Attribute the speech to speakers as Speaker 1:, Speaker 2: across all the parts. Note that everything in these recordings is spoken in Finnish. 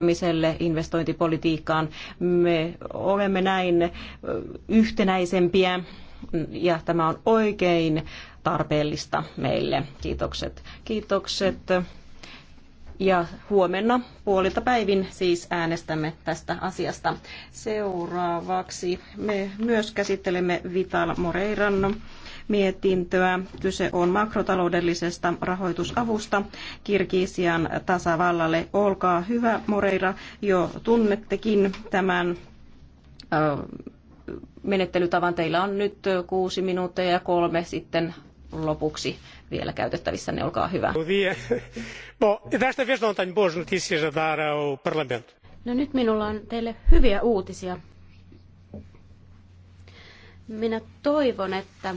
Speaker 1: kehittämiselle, investointipolitiikkaan. Me olemme näin yhtenäisempiä ja tämä on oikein tarpeellista meille. Kiitokset. Kiitokset. Ja huomenna puolilta päivin siis äänestämme tästä asiasta. Seuraavaksi me myös käsittelemme Vital Moreiran mietintöä. Kyse on makrotaloudellisesta rahoitusavusta Kirgisian tasavallalle. Olkaa hyvä, Moreira, jo tunnettekin tämän menettelytavan. Teillä on nyt kuusi minuuttia ja kolme sitten lopuksi vielä käytettävissä, niin olkaa hyvä.
Speaker 2: E no nyt minulla on teille hyviä uutisia. Minä toivon, että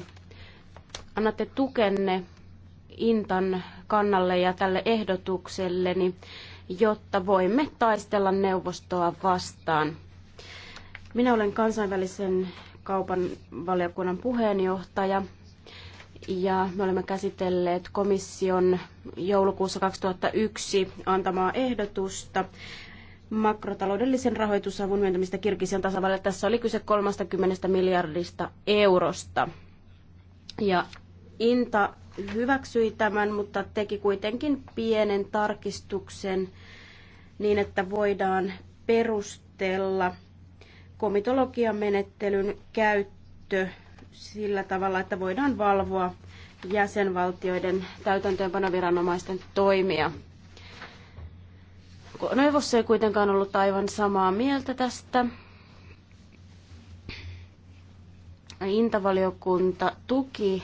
Speaker 2: annatte tukenne Intan kannalle ja tälle ehdotukselleni, jotta voimme taistella neuvostoa vastaan. Minä olen kansainvälisen kaupan valiokunnan puheenjohtaja ja me olemme käsitelleet komission joulukuussa 2001 antamaa ehdotusta makrotaloudellisen rahoitusavun myöntämistä Kirgisian tasavalle. Tässä oli kyse 30 miljardista eurosta. Ja Inta hyväksyi tämän, mutta teki kuitenkin pienen tarkistuksen niin, että voidaan perustella komitologiamenettelyn käyttö sillä tavalla, että voidaan valvoa jäsenvaltioiden täytäntöönpanoviranomaisten toimia. Neuvossa ei kuitenkaan ollut aivan samaa mieltä tästä. Intavaliokunta tuki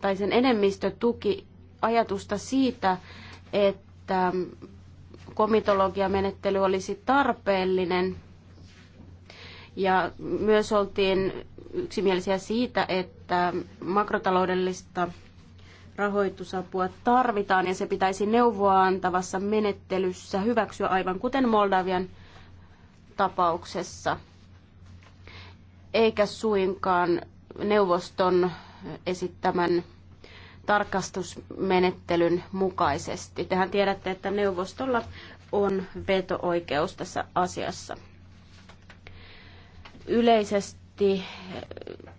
Speaker 2: tai sen enemmistö tuki ajatusta siitä, että komitologiamenettely olisi tarpeellinen. Ja myös oltiin yksimielisiä siitä, että makrotaloudellista rahoitusapua tarvitaan ja se pitäisi neuvoa antavassa menettelyssä hyväksyä aivan kuten Moldavian tapauksessa, eikä suinkaan neuvoston esittämän tarkastusmenettelyn mukaisesti. Tehän tiedätte, että neuvostolla on veto-oikeus tässä asiassa. Yleisesti eh,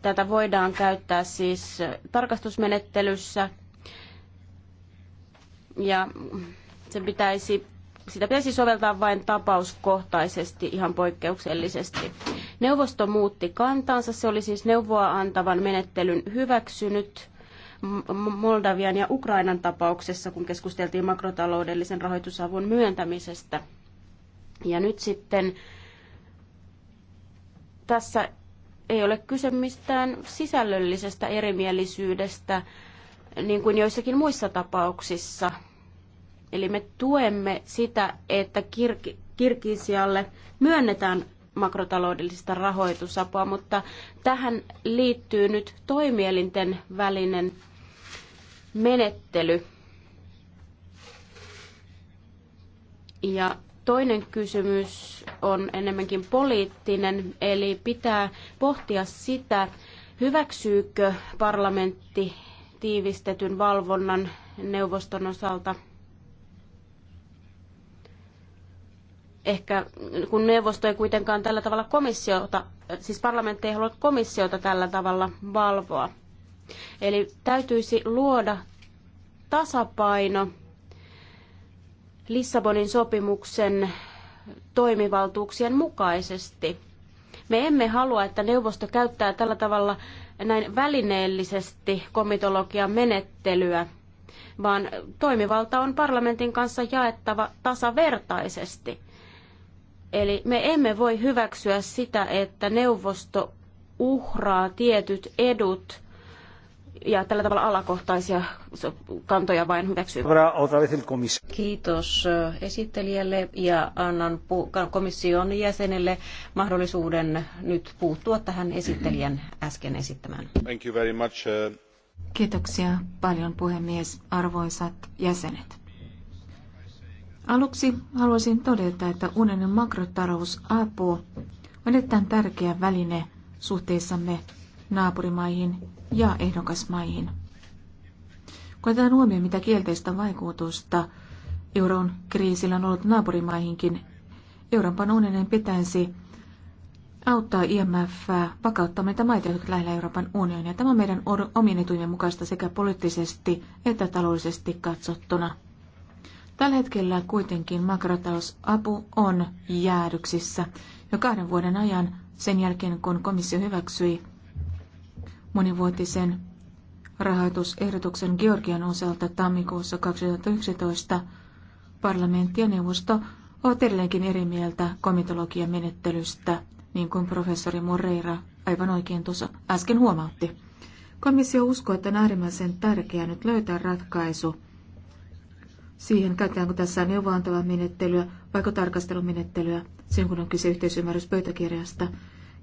Speaker 2: tätä voidaan käyttää siis tarkastusmenettelyssä ja se pitäisi, sitä pitäisi soveltaa vain tapauskohtaisesti ihan poikkeuksellisesti. Neuvosto muutti kantansa, se oli siis neuvoa antavan menettelyn hyväksynyt Moldavian ja Ukrainan tapauksessa, kun keskusteltiin makrotaloudellisen rahoitusavun myöntämisestä. Ja nyt sitten tässä ei ole kyse mistään sisällöllisestä erimielisyydestä, niin kuin joissakin muissa tapauksissa. Eli me tuemme sitä, että Kirk- myönnetään makrotaloudellista rahoitusapua, mutta tähän liittyy nyt toimielinten välinen menettely. Ja toinen kysymys on enemmänkin poliittinen, eli pitää pohtia sitä, hyväksyykö parlamentti tiivistetyn valvonnan neuvoston osalta – ehkä kun neuvosto ei kuitenkaan tällä tavalla komissiota, siis parlamentti ei halua komissiota tällä tavalla valvoa. Eli täytyisi luoda tasapaino Lissabonin sopimuksen toimivaltuuksien mukaisesti. Me emme halua, että neuvosto käyttää tällä tavalla näin välineellisesti komitologian menettelyä, vaan toimivalta on parlamentin kanssa jaettava tasavertaisesti. Eli me emme voi hyväksyä sitä, että neuvosto uhraa tietyt edut ja tällä tavalla alakohtaisia kantoja vain hyväksyy.
Speaker 1: Kiitos
Speaker 2: äh, esittelijälle
Speaker 1: ja annan komission jäsenelle mahdollisuuden nyt puuttua tähän esittelijän äsken esittämään. Thank you very much. Äh. Kiitoksia paljon
Speaker 3: puhemies, arvoisat jäsenet. Aluksi haluaisin todeta, että unionin APO on erittäin tärkeä väline suhteissamme naapurimaihin ja ehdokasmaihin. Kun otetaan huomioon, mitä kielteistä vaikutusta euron kriisillä on ollut naapurimaihinkin, Euroopan unionin pitäisi auttaa IMF vakauttamaan niitä maita, jotka lähellä Euroopan unionia. Tämä on meidän omien etujen mukaista sekä poliittisesti että taloudellisesti katsottuna. Tällä hetkellä kuitenkin makrotalousapu on jäädyksissä jo kahden vuoden ajan sen jälkeen, kun komissio hyväksyi monivuotisen rahoitusehdotuksen Georgian osalta tammikuussa 2011. Parlamentti ja neuvosto ovat edelleenkin eri mieltä komitologian menettelystä, niin kuin professori Moreira aivan oikein tuossa äsken huomautti. Komissio uskoo, että on äärimmäisen tärkeää nyt löytää ratkaisu – siihen käytetäänkö tässä neuvoantava menettelyä vai tarkastelumenettelyä, sen kun on kyse yhteisymmärryspöytäkirjasta.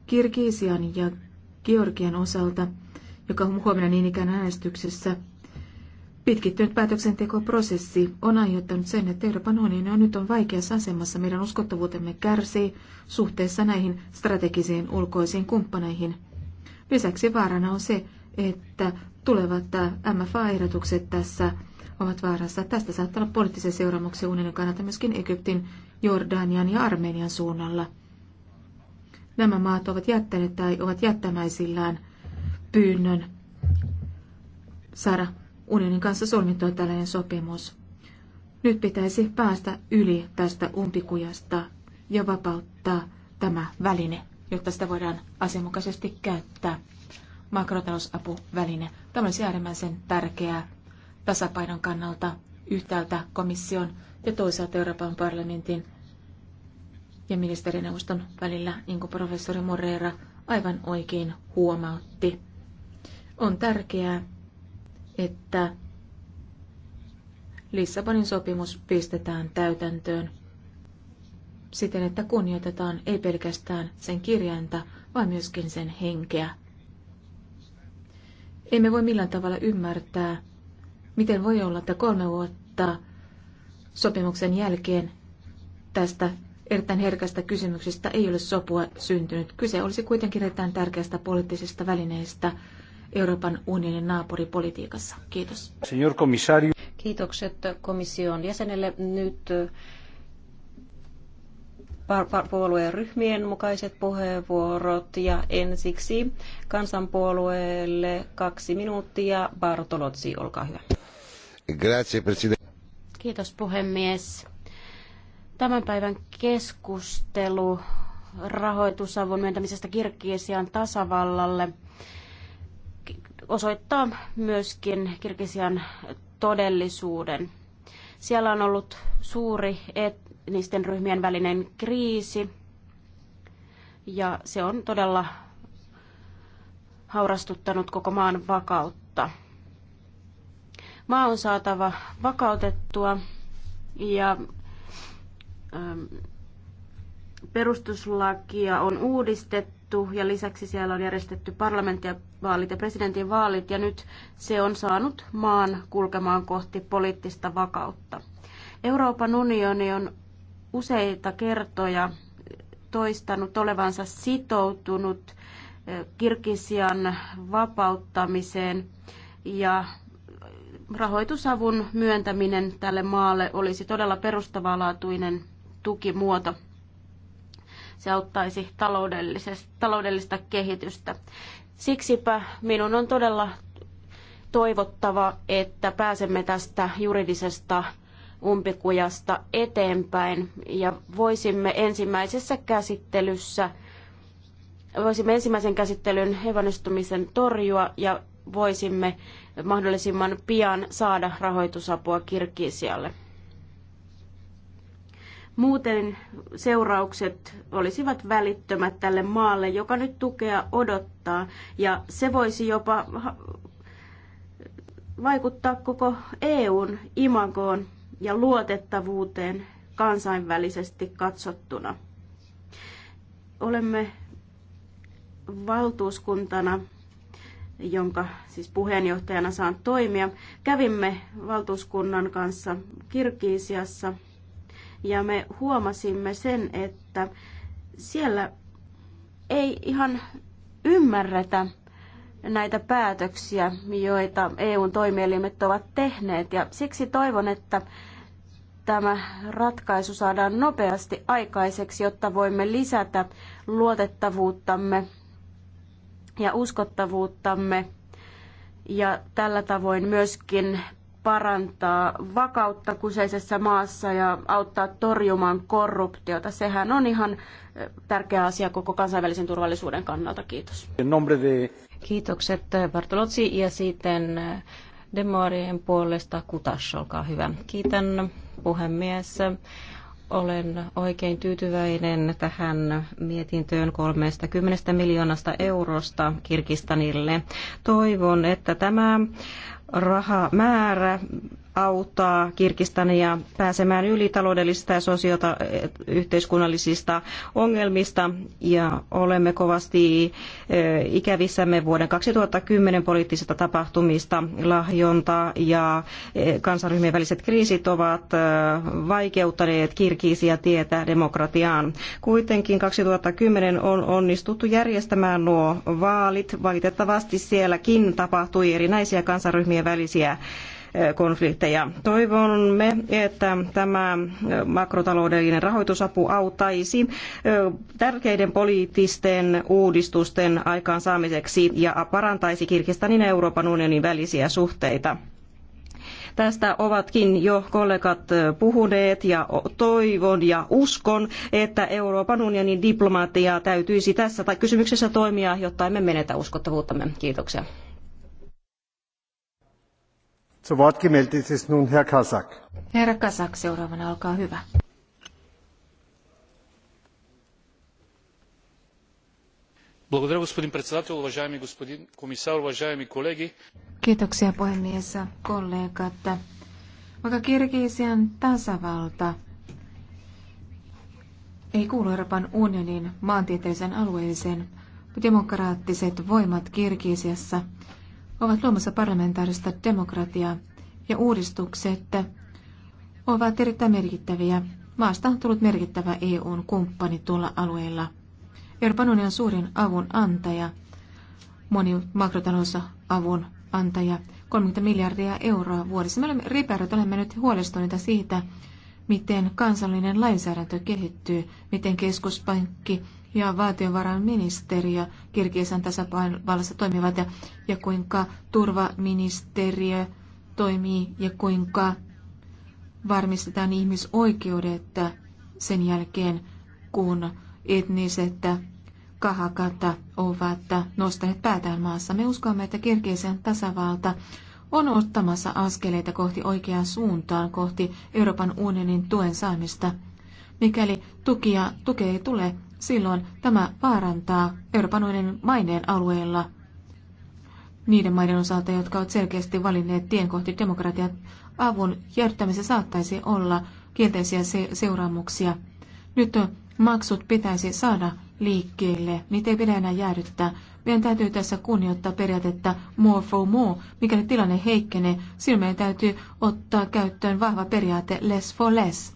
Speaker 3: Kirgisian ja Georgian osalta, joka on huomenna niin ikään äänestyksessä, Pitkittynyt päätöksentekoprosessi on aiheuttanut sen, että Euroopan unioni on nyt on vaikeassa asemassa. Meidän uskottavuutemme kärsii suhteessa näihin strategisiin ulkoisiin kumppaneihin. Lisäksi vaarana on se, että tulevat äh, MFA-ehdotukset tässä ovat vaarassa. Tästä saattaa olla poliittisia seuraamuksia unionin kannalta myöskin Egyptin, Jordanian ja Armenian suunnalla. Nämä maat ovat jättäneet tai ovat jättämäisillään pyynnön saada unionin kanssa solmittua tällainen sopimus. Nyt pitäisi päästä yli tästä umpikujasta ja vapauttaa tämä väline, jotta sitä voidaan asianmukaisesti käyttää makrotalousapuväline. Tämä olisi äärimmäisen tärkeää tasapainon kannalta yhtäältä komission ja toisaalta Euroopan parlamentin ja ministerineuvoston välillä, niin kuin professori Moreira aivan oikein huomautti. On tärkeää, että Lissabonin sopimus pistetään täytäntöön siten, että kunnioitetaan ei pelkästään sen kirjainta, vaan myöskin sen henkeä. Emme voi millään tavalla ymmärtää Miten voi olla, että kolme vuotta sopimuksen jälkeen tästä erittäin herkästä kysymyksestä ei ole sopua syntynyt? Kyse olisi kuitenkin erittäin tärkeästä poliittisesta välineestä Euroopan unionin naapuripolitiikassa. Kiitos.
Speaker 2: Senior komissario.
Speaker 1: Kiitokset komission jäsenelle. Nyt eh, puolueen ryhmien mukaiset puheenvuorot ja ensiksi kansanpuolueelle kaksi minuuttia. Bartolotsi, olkaa hyvä.
Speaker 2: Kiitos puhemies. Tämän päivän keskustelu rahoitusavun myöntämisestä Kirgisian tasavallalle osoittaa myöskin Kirgisian todellisuuden. Siellä on ollut suuri etnisten ryhmien välinen kriisi ja se on todella haurastuttanut koko maan vakautta. Maa on saatava vakautettua ja ähm, perustuslakia on uudistettu ja lisäksi siellä on järjestetty parlamenttivaalit ja presidentin vaalit ja nyt se on saanut maan kulkemaan kohti poliittista vakautta. Euroopan unioni on useita kertoja toistanut olevansa sitoutunut äh, Kirgisian vapauttamiseen ja rahoitusavun myöntäminen tälle maalle olisi todella perustavanlaatuinen tukimuoto. Se auttaisi taloudellista kehitystä. Siksipä minun on todella toivottava, että pääsemme tästä juridisesta umpikujasta eteenpäin ja voisimme ensimmäisessä käsittelyssä voisimme ensimmäisen käsittelyn evanistumisen torjua ja voisimme mahdollisimman pian saada rahoitusapua Kirgisialle. Muuten seuraukset olisivat välittömät tälle maalle, joka nyt tukea odottaa, ja se voisi jopa vaikuttaa koko EUn imagoon ja luotettavuuteen kansainvälisesti katsottuna. Olemme valtuuskuntana jonka siis puheenjohtajana saan toimia. Kävimme valtuuskunnan kanssa Kirkiisiassa ja me huomasimme sen, että siellä ei ihan ymmärretä näitä päätöksiä, joita EUn toimielimet ovat tehneet. Ja siksi toivon, että tämä ratkaisu saadaan nopeasti aikaiseksi, jotta voimme lisätä luotettavuuttamme ja uskottavuuttamme ja tällä tavoin myöskin parantaa vakautta kyseisessä maassa ja auttaa torjumaan korruptiota. Sehän on ihan tärkeä asia koko kansainvälisen turvallisuuden kannalta. Kiitos. Kiitokset Bartolotsi ja sitten Demorien
Speaker 1: puolesta Kutas, olkaa hyvä. Kiitän puhemies. Olen oikein tyytyväinen tähän mietintöön 30 miljoonasta eurosta Kirkistanille. Toivon, että tämä rahamäärä auttaa Kirkistania pääsemään yli taloudellisista ja sosioyhteiskunnallisista ongelmista ja olemme kovasti ikävissämme vuoden 2010 poliittisista tapahtumista. Lahjonta ja kansanryhmien väliset kriisit ovat vaikeuttaneet kirkiisiä tietä demokratiaan. Kuitenkin 2010 on onnistuttu järjestämään nuo vaalit. Valitettavasti sielläkin tapahtui erinäisiä kansanryhmien välisiä konflikteja. Toivomme, että tämä makrotaloudellinen rahoitusapu auttaisi tärkeiden poliittisten uudistusten aikaansaamiseksi ja parantaisi Kirgistanin ja Euroopan unionin välisiä suhteita. Tästä ovatkin jo kollegat puhuneet ja toivon ja uskon, että Euroopan unionin diplomaattia täytyisi tässä tai kysymyksessä toimia, jotta emme menetä uskottavuuttamme. Kiitoksia. Zu Wort gemeldet ist nun Herr Kasak. Herra Kasak, seuraavana olkaa hyvä. Благодаря, господин
Speaker 3: председател, уважаеми господин комисар, уважаеми колеги. Kiitoksia puhemies, ja kollegat. Vaikka Kirgisian tasavalta ei kuulu Euroopan unionin maantieteellisen alueeseen, demokraattiset voimat Kirgisiassa – ovat luomassa parlamentaarista demokratiaa ja uudistukset ovat erittäin merkittäviä. Maasta on tullut merkittävä EUn kumppani tuolla alueella. Euroopan unionin suurin avun antaja, moni makrotaloudessa avun antaja, 30 miljardia euroa vuodessa. Me olemme ripeärät, olemme nyt huolestuneita siitä, miten kansallinen lainsäädäntö kehittyy, miten keskuspankki ja valtiovarainministeriö Kirgisian tasapainovallassa toimivat ja, ja kuinka turvaministeriö toimii ja kuinka varmistetaan ihmisoikeudet sen jälkeen, kun etniset kahakat ovat nostaneet päätään maassa. Me uskomme, että Kirgisian tasavalta on ottamassa askeleita kohti oikeaa suuntaan, kohti Euroopan unionin tuen saamista. Mikäli tukia, tukea ei tule, silloin tämä vaarantaa Euroopan unionin maineen alueella niiden maiden osalta, jotka ovat selkeästi valinneet tien kohti demokratian avun jäädyttämisen saattaisi olla kielteisiä se- seuraamuksia. Nyt maksut pitäisi saada liikkeelle, niitä ei pidä enää jäädyttää. Meidän täytyy tässä kunnioittaa periaatetta more for more. Mikäli tilanne heikkenee, silloin meidän täytyy ottaa käyttöön vahva periaate less for less.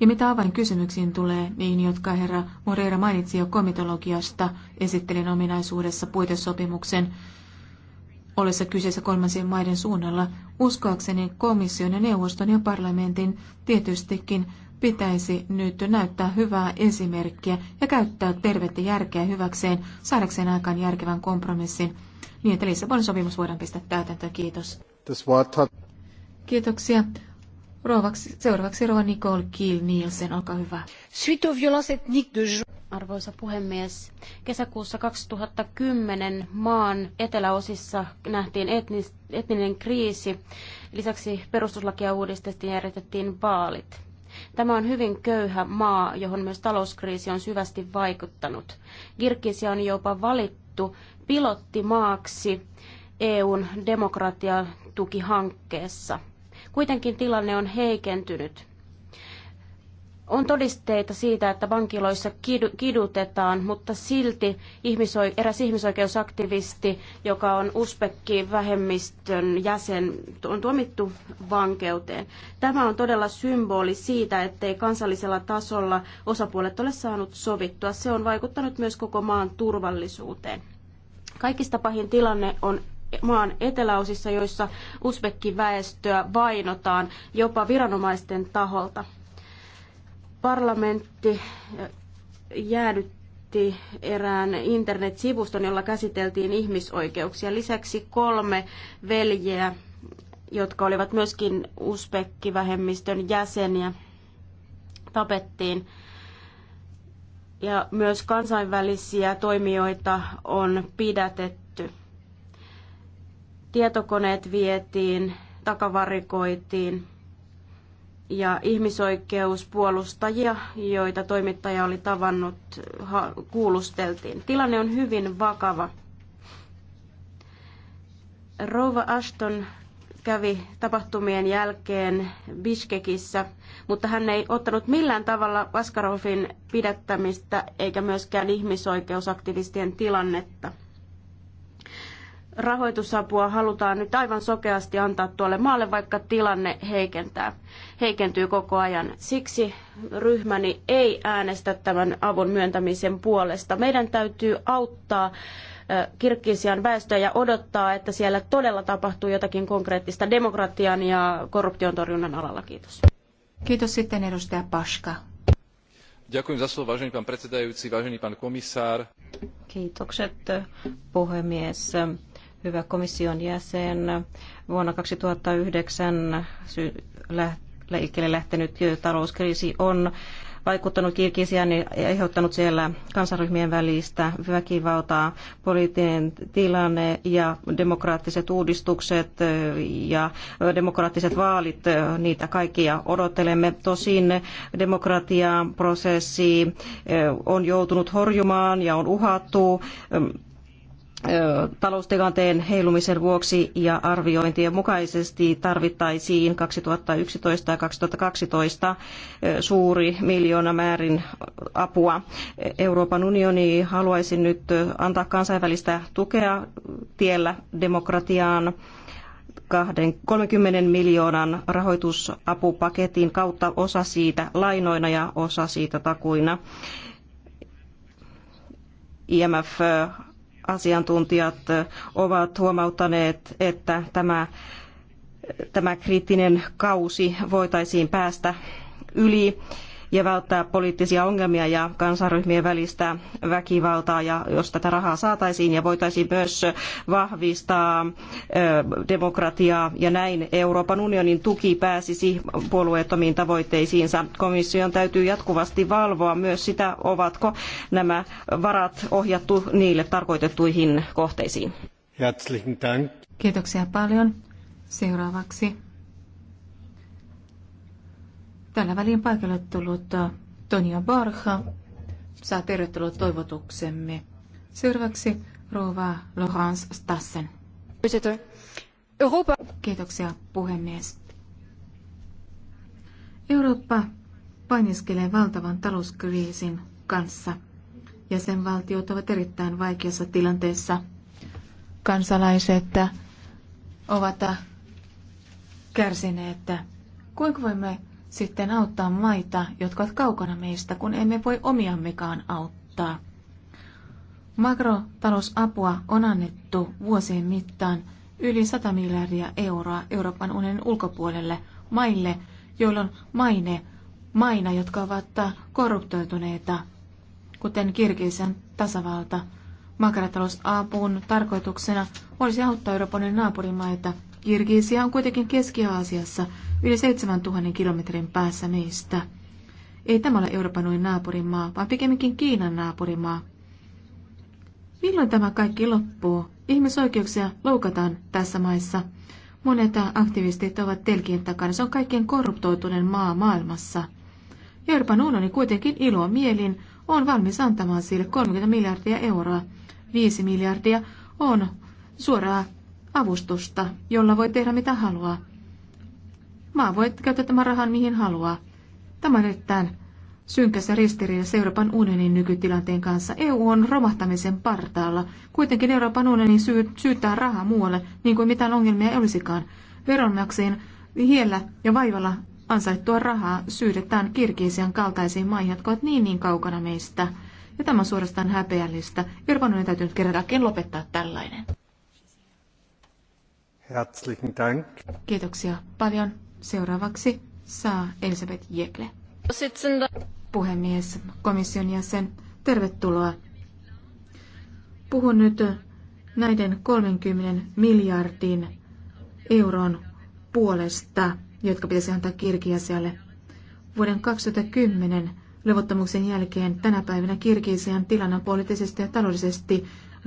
Speaker 3: Ja mitä avainkysymyksiin tulee, niin jotka herra Moreira mainitsi jo komitologiasta, esittelin ominaisuudessa puitesopimuksen ollessa kyseessä kolmansien maiden suunnalla, uskoakseni komission ja neuvoston ja parlamentin tietystikin pitäisi nyt näyttää hyvää esimerkkiä ja käyttää tervettä järkeä hyväkseen saadakseen aikaan järkevän kompromissin, niin että Lissabonin sopimus voidaan pistää täytäntöön. Kiitos. Kiitoksia. Rouvaksi, seuraavaksi Rova Nicole Kiel Nielsen,
Speaker 2: olkaa hyvä. Suite de Arvoisa puhemies, kesäkuussa 2010 maan eteläosissa nähtiin etnis, etninen kriisi. Lisäksi perustuslakia uudistettiin ja järjestettiin vaalit. Tämä on hyvin köyhä maa, johon myös talouskriisi on syvästi vaikuttanut. Kirgisia on jopa valittu pilottimaaksi EUn demokratiatukihankkeessa. Kuitenkin tilanne on heikentynyt. On todisteita siitä, että vankiloissa kidutetaan, mutta silti eräs ihmisoikeusaktivisti, joka on Uspekki vähemmistön jäsen, on tuomittu vankeuteen. Tämä on todella symboli siitä, ettei kansallisella tasolla osapuolet ole saanut sovittua. Se on vaikuttanut myös koko maan turvallisuuteen. Kaikista pahin tilanne on maan eteläosissa, joissa uzbekkiväestöä vainotaan jopa viranomaisten taholta. Parlamentti jäädytti erään internetsivuston, jolla käsiteltiin ihmisoikeuksia. Lisäksi kolme veljeä, jotka olivat myöskin uzbekkivähemmistön jäseniä, tapettiin ja myös kansainvälisiä toimijoita on pidätetty Tietokoneet vietiin, takavarikoitiin ja ihmisoikeuspuolustajia, joita toimittaja oli tavannut, kuulusteltiin. Tilanne on hyvin vakava. Rouva Ashton kävi tapahtumien jälkeen Biskekissä, mutta hän ei ottanut millään tavalla Askarovin pidättämistä eikä myöskään ihmisoikeusaktivistien tilannetta rahoitusapua halutaan nyt aivan sokeasti antaa tuolle maalle, vaikka tilanne heikentää, heikentyy koko ajan. Siksi ryhmäni ei äänestä tämän avun myöntämisen puolesta. Meidän täytyy auttaa Kirkkisian väestöä ja odottaa, että siellä todella tapahtuu jotakin konkreettista demokratian ja korruption torjunnan alalla. Kiitos. Kiitos sitten edustaja Paska. Kiitokset
Speaker 1: puhemies hyvä komission jäsen. Vuonna 2009 liikkeelle lähtenyt talouskriisi on vaikuttanut Kirgisiaan ja aiheuttanut siellä kansaryhmien välistä väkivaltaa, poliittinen tilanne ja demokraattiset uudistukset ja demokraattiset vaalit, niitä kaikkia odottelemme. Tosin demokratiaprosessi on joutunut horjumaan ja on uhattu taloustilanteen heilumisen vuoksi ja arviointien mukaisesti tarvittaisiin 2011 ja 2012 suuri miljoonamäärin apua. Euroopan unioni haluaisi nyt antaa kansainvälistä tukea tiellä demokratiaan. 30 miljoonan rahoitusapupaketin kautta osa siitä lainoina ja osa siitä takuina. IMF asiantuntijat ovat huomauttaneet, että tämä, tämä kriittinen kausi voitaisiin päästä yli ja välttää poliittisia ongelmia ja kansanryhmien välistä väkivaltaa. Ja jos tätä rahaa saataisiin ja voitaisiin myös vahvistaa demokratiaa ja näin Euroopan unionin tuki pääsisi puolueettomiin tavoitteisiinsa. Komission täytyy jatkuvasti valvoa myös sitä, ovatko nämä varat ohjattu niille tarkoitettuihin kohteisiin.
Speaker 3: Kiitoksia paljon. Seuraavaksi Tällä välin paikalle tullut äh, Tonia Barha saa tervetuloa toivotuksemme. Seuraavaksi Rova Lohans Stassen. Europa. Kiitoksia puhemies. Eurooppa painiskelee valtavan talouskriisin kanssa. Jäsenvaltiot ovat erittäin vaikeassa tilanteessa. Kansalaiset ovat kärsineet. Kuinka voimme sitten auttaa maita, jotka ovat kaukana meistä, kun emme voi omiammekaan auttaa. Makrotalousapua on annettu vuosien mittaan yli 100 miljardia euroa Euroopan unionin ulkopuolelle maille, joilla on maine, maina, jotka ovat korruptoituneita, kuten Kirgisen tasavalta. Makrotalousapun tarkoituksena olisi auttaa Euroopan naapurimaita Kirgisia on kuitenkin Keski-Aasiassa yli 7000 kilometrin päässä meistä. Ei tämä ole Euroopan unionin naapurimaa, vaan pikemminkin Kiinan naapurimaa. Milloin tämä kaikki loppuu? Ihmisoikeuksia loukataan tässä maissa. Monet aktivistit ovat telkien takana. Se on kaikkien korruptoituneen maa maailmassa. Euroopan unioni kuitenkin ilo mielin on valmis antamaan sille 30 miljardia euroa. 5 miljardia on suoraa avustusta, jolla voi tehdä mitä haluaa. Maa voi käyttää tämän rahan mihin haluaa. Tämä on erittäin synkässä ristiriidassa Euroopan unionin nykytilanteen kanssa. EU on romahtamisen partaalla. Kuitenkin Euroopan unioni syy- syytää rahaa muualle, niin kuin mitään ongelmia ei olisikaan. Veronmaksajien hiellä ja vaivalla ansaittua rahaa syydetään kirkiisian kaltaisiin maihin, jotka ovat niin niin kaukana meistä. Ja tämä on suorastaan häpeällistä. Euroopan unionin täytyy nyt kerrankin lopettaa tällainen.
Speaker 1: Herzlichen Dank.
Speaker 3: Kiitoksia paljon. Seuraavaksi saa Elisabeth Jekle. Puhemies, komission jäsen, tervetuloa. Puhun nyt näiden 30 miljardin euron puolesta, jotka pitäisi antaa Kirgiasialle. Vuoden 2010 levottomuuksien jälkeen tänä päivänä Kirgisian tilanne on poliittisesti ja taloudellisesti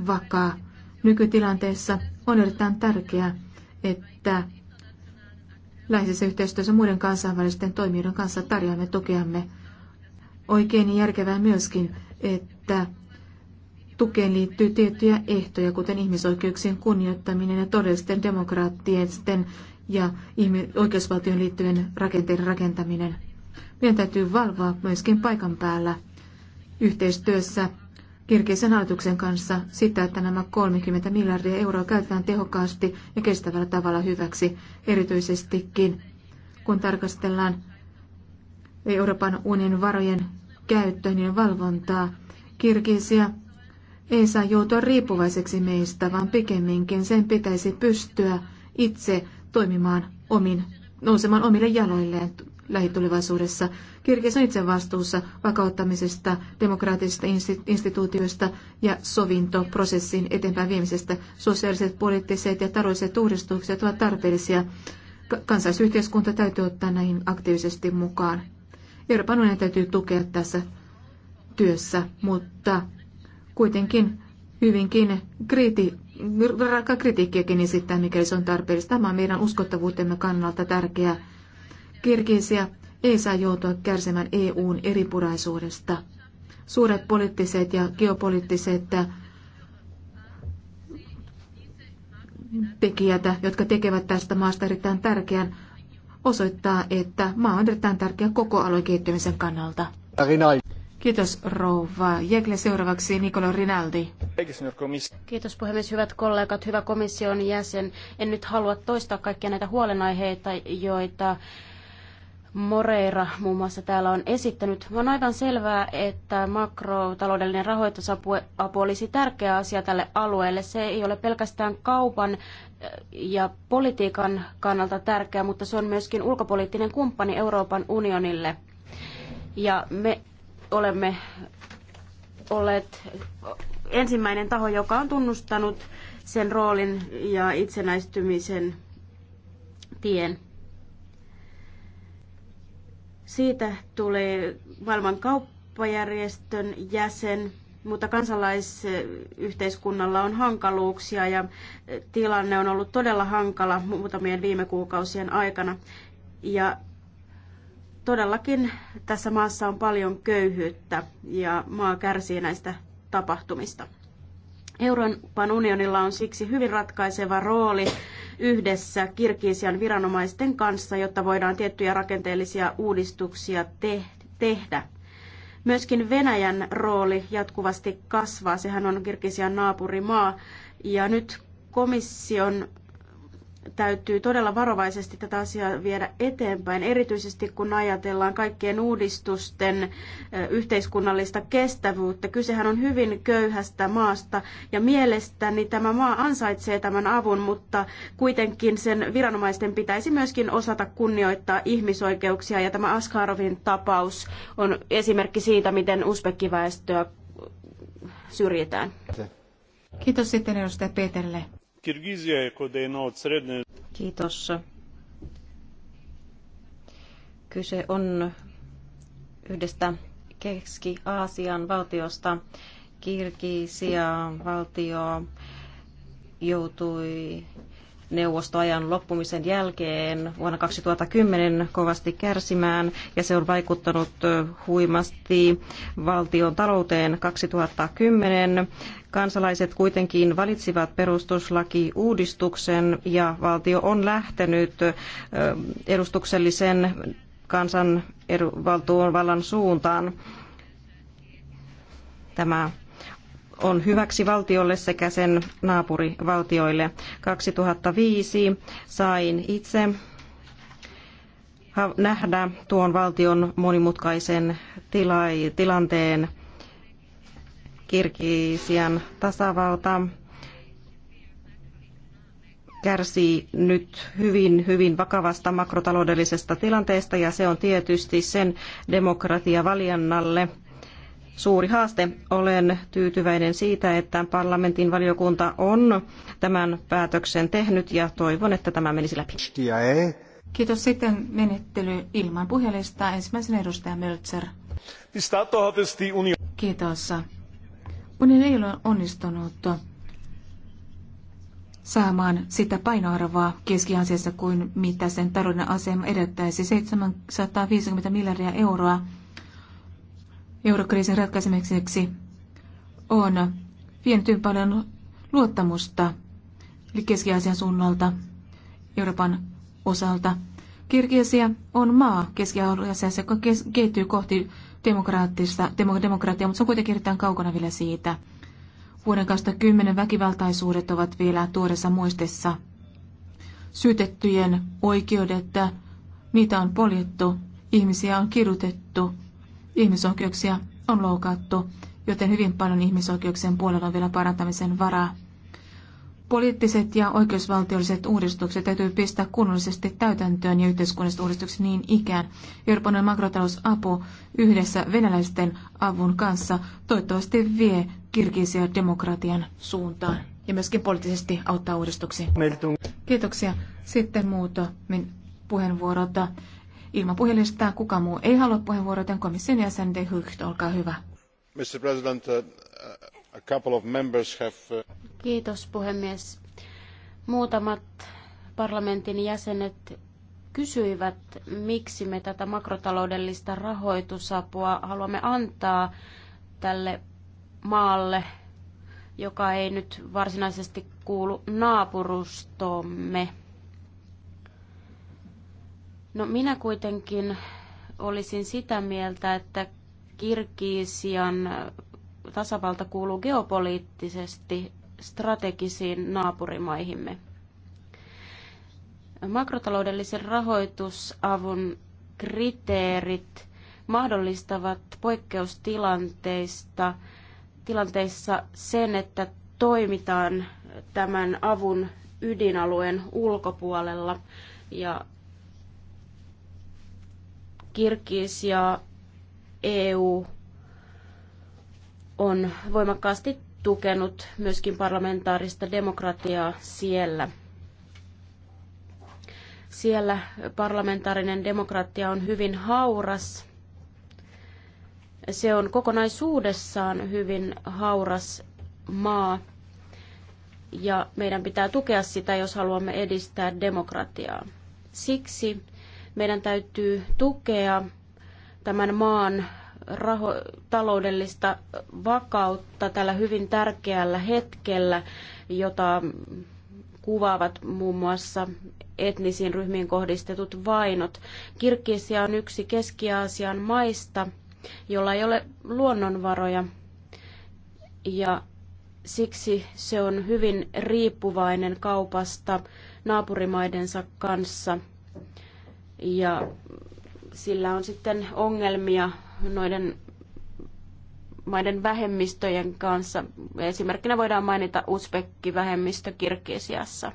Speaker 3: vakaa. Nykytilanteessa on erittäin tärkeää, että läheisessä yhteistyössä muiden kansainvälisten toimijoiden kanssa tarjoamme tukeamme. Oikein järkevää myöskin, että tukeen liittyy tiettyjä ehtoja, kuten ihmisoikeuksien kunnioittaminen ja todellisten demokraattien ja oikeusvaltion liittyvien rakenteiden rakentaminen. Meidän täytyy valvoa myöskin paikan päällä yhteistyössä Kirgisen hallituksen kanssa sitä, että nämä 30 miljardia euroa käytetään tehokkaasti ja kestävällä tavalla hyväksi, erityisestikin kun tarkastellaan Euroopan unionin varojen käyttöä ja valvontaa. Kirgisiä ei saa joutua riippuvaiseksi meistä, vaan pikemminkin sen pitäisi pystyä itse toimimaan omin, nousemaan omille jaloilleen lähitulevaisuudessa. Kirkis on itse vastuussa vakauttamisesta, demokraattisista instituutioista ja sovintoprosessin eteenpäin viemisestä. Sosiaaliset, poliittiset ja taloudelliset uudistukset ovat tarpeellisia. Kansaisyhteiskunta täytyy ottaa näihin aktiivisesti mukaan. Euroopan unionin täytyy tukea tässä työssä, mutta kuitenkin hyvinkin kriti, rankka kritiikkiäkin esittää, mikäli se on tarpeellista. Tämä on meidän uskottavuutemme kannalta tärkeää Kirgisia ei saa joutua kärsimään EUn eripuraisuudesta. Suuret poliittiset ja geopoliittiset tekijät, jotka tekevät tästä maasta erittäin tärkeän, osoittaa, että maa on erittäin tärkeä koko alueen kehittymisen kannalta. Kiitos rouva. Jekle seuraavaksi Nicolo Rinaldi.
Speaker 2: Kiitos puhemies, hyvät kollegat, hyvä komission jäsen. En nyt halua toistaa kaikkia näitä huolenaiheita, joita Moreira muun muassa täällä on esittänyt. On aivan selvää, että makrotaloudellinen rahoitusapu olisi tärkeä asia tälle alueelle. Se ei ole pelkästään kaupan äh, ja politiikan kannalta tärkeä, mutta se on myöskin ulkopoliittinen kumppani Euroopan unionille. Ja me olemme olleet ensimmäinen taho, joka on tunnustanut sen roolin ja itsenäistymisen tien. Siitä tulee maailman kauppajärjestön jäsen, mutta kansalaisyhteiskunnalla on hankaluuksia ja tilanne on ollut todella hankala muutamien viime kuukausien aikana. Ja todellakin tässä maassa on paljon köyhyyttä ja maa kärsii näistä tapahtumista. Euroopan unionilla on siksi hyvin ratkaiseva rooli yhdessä Kirgisian viranomaisten kanssa, jotta voidaan tiettyjä rakenteellisia uudistuksia te- tehdä. Myöskin Venäjän rooli jatkuvasti kasvaa, sehän on Kirgisian naapurimaa, ja nyt komission täytyy todella varovaisesti tätä asiaa viedä eteenpäin, erityisesti kun ajatellaan kaikkien uudistusten yhteiskunnallista kestävyyttä. Kysehän on hyvin köyhästä maasta ja mielestäni tämä maa ansaitsee tämän avun, mutta kuitenkin sen viranomaisten pitäisi myöskin osata kunnioittaa ihmisoikeuksia ja tämä Askarovin tapaus on esimerkki siitä, miten uspekkiväestöä syrjitään. Kiitos sitten edustaja Peterle. Kiitos.
Speaker 1: Kyse on yhdestä Keski-Aasian valtiosta. Kirgisia valtio joutui neuvostoajan loppumisen jälkeen vuonna 2010 kovasti kärsimään ja se on vaikuttanut huimasti valtion talouteen 2010. Kansalaiset kuitenkin valitsivat perustuslakiuudistuksen ja valtio on lähtenyt edustuksellisen kansan vallan suuntaan. Tämä on hyväksi valtiolle sekä sen naapurivaltioille. 2005 sain itse nähdä tuon valtion monimutkaisen tila- tilanteen Kirgisian tasavalta kärsii nyt hyvin, hyvin vakavasta makrotaloudellisesta tilanteesta ja se on tietysti sen valiannalle suuri haaste. Olen tyytyväinen siitä, että parlamentin valiokunta on tämän päätöksen tehnyt ja toivon, että tämä menisi läpi.
Speaker 3: Kiitos. Sitten menettely ilman puhelista. Ensimmäisen edustaja Möltser. Kiitos. Unioni ei ole onnistunut saamaan sitä painoarvoa keskiasiassa kuin mitä sen talouden asema edellyttäisi 750 miljardia euroa eurokriisin ratkaisemiseksi on vienyt paljon luottamusta Keski-Aasian suunnalta Euroopan osalta. Kirgisia on maa Keski-Aasiassa, joka kehittyy kohti demokraattista, demokratiaa, mutta se on kuitenkin erittäin kaukana vielä siitä. Vuoden 2010 väkivaltaisuudet ovat vielä tuoreessa muistissa. Syytettyjen oikeudet, niitä on poljettu, ihmisiä on kirjoitettu Ihmisoikeuksia on loukattu, joten hyvin paljon ihmisoikeuksien puolella on vielä parantamisen varaa. Poliittiset ja oikeusvaltiolliset uudistukset täytyy pistää kunnollisesti täytäntöön ja yhteiskunnalliset uudistukset niin ikään. Euroopan makrotalousapu yhdessä venäläisten avun kanssa toivottavasti vie kirkisiä demokratian suuntaan ja myöskin poliittisesti auttaa uudistuksiin. Kiitoksia. Sitten muuto puheenvuorota. Ilman puhelistaa kuka muu ei halua puheenvuoroa, joten komission jäsen De
Speaker 2: Hucht, olkaa hyvä.
Speaker 1: Mr. President, uh, a couple of members have... Uh,
Speaker 2: Kiitos puhemies. Muutamat parlamentin jäsenet kysyivät, miksi me tätä makrotaloudellista rahoitusapua haluamme antaa tälle maalle, joka ei nyt varsinaisesti kuulu naapurustomme. No minä kuitenkin olisin sitä mieltä, että Kirgisian tasavalta kuuluu geopoliittisesti strategisiin naapurimaihimme. Makrotaloudellisen rahoitusavun kriteerit mahdollistavat poikkeustilanteista tilanteissa sen, että toimitaan tämän avun ydinalueen ulkopuolella ja Kirkis ja EU on voimakkaasti tukenut myöskin parlamentaarista demokratiaa siellä. Siellä parlamentaarinen demokratia on hyvin hauras. Se on kokonaisuudessaan hyvin hauras maa ja meidän pitää tukea sitä, jos haluamme edistää demokratiaa. Siksi meidän täytyy tukea tämän maan raho- taloudellista vakautta tällä hyvin tärkeällä hetkellä, jota kuvaavat muun muassa etnisiin ryhmiin kohdistetut vainot. Kirgisia on yksi Keski-Aasian maista, jolla ei ole luonnonvaroja ja siksi se on hyvin riippuvainen kaupasta naapurimaidensa kanssa – ja sillä on sitten ongelmia noiden maiden vähemmistöjen kanssa. Esimerkkinä voidaan mainita Uzbekki-vähemmistö Kirgisiassa.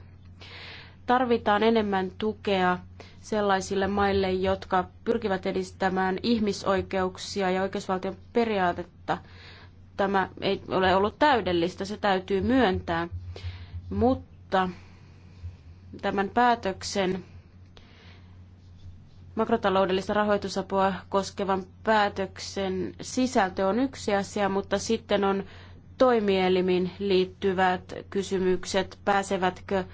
Speaker 2: Tarvitaan enemmän tukea sellaisille maille, jotka pyrkivät edistämään ihmisoikeuksia ja oikeusvaltion periaatetta. Tämä ei ole ollut täydellistä, se täytyy myöntää, mutta tämän päätöksen makrotaloudellista rahoitusapua koskevan päätöksen sisältö on yksi asia, mutta sitten on toimielimin liittyvät kysymykset, pääsevätkö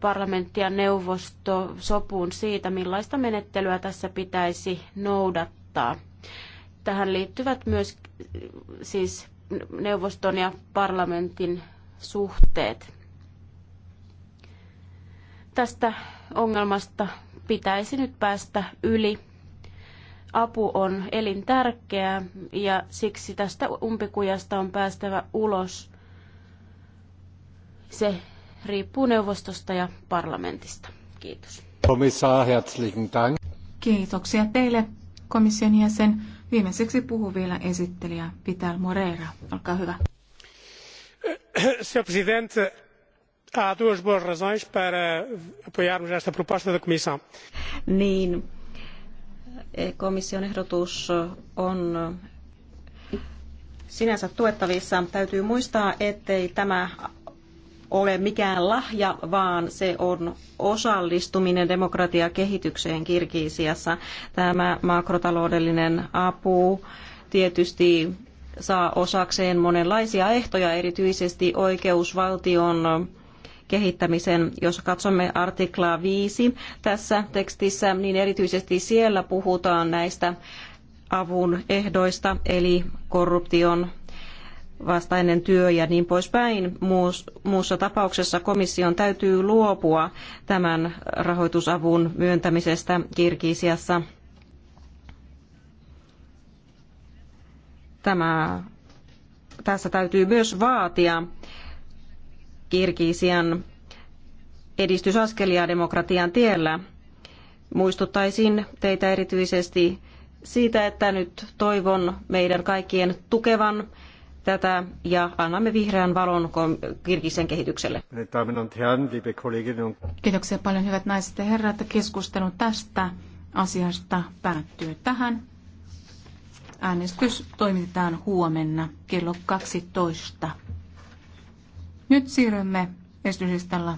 Speaker 2: parlamentti ja neuvosto sopuun siitä, millaista menettelyä tässä pitäisi noudattaa. Tähän liittyvät myös siis neuvoston ja parlamentin suhteet. Tästä ongelmasta pitäisi nyt päästä yli. Apu on elintärkeää ja siksi tästä umpikujasta on päästävä ulos. Se riippuu neuvostosta ja parlamentista. Kiitos.
Speaker 1: Komissaar,
Speaker 3: Kiitoksia teille, komission jäsen. Viimeiseksi puhuu vielä esittelijä Vital Moreira. Olkaa hyvä.
Speaker 2: Herr President, há duas boas razões para apoiarmos esta proposta da Comissão.
Speaker 1: Niin, eh, komission ehdotus on eh, sinänsä tuettavissa. Täytyy muistaa, ettei tämä ole mikään lahja, vaan se on osallistuminen demokratiakehitykseen Kirgisiassa. Tämä makrotaloudellinen apu tietysti saa osakseen monenlaisia ehtoja, erityisesti oikeusvaltion kehittämisen. Jos katsomme artiklaa 5 tässä tekstissä, niin erityisesti siellä puhutaan näistä avun ehdoista, eli korruption vastainen työ ja niin poispäin. Muussa tapauksessa komission täytyy luopua tämän rahoitusavun myöntämisestä Kirgisiassa. Tämä, tässä täytyy myös vaatia Kirgisian edistysaskelia demokratian tiellä. Muistuttaisin teitä erityisesti siitä, että nyt toivon meidän kaikkien tukevan tätä ja annamme vihreän valon kirkisen kehitykselle. Kiitoksia paljon hyvät naiset ja herrat. Keskustelu
Speaker 3: tästä asiasta päättyy tähän. Äänestys toimitetaan huomenna kello 12. Nyt siirrymme esityslistalla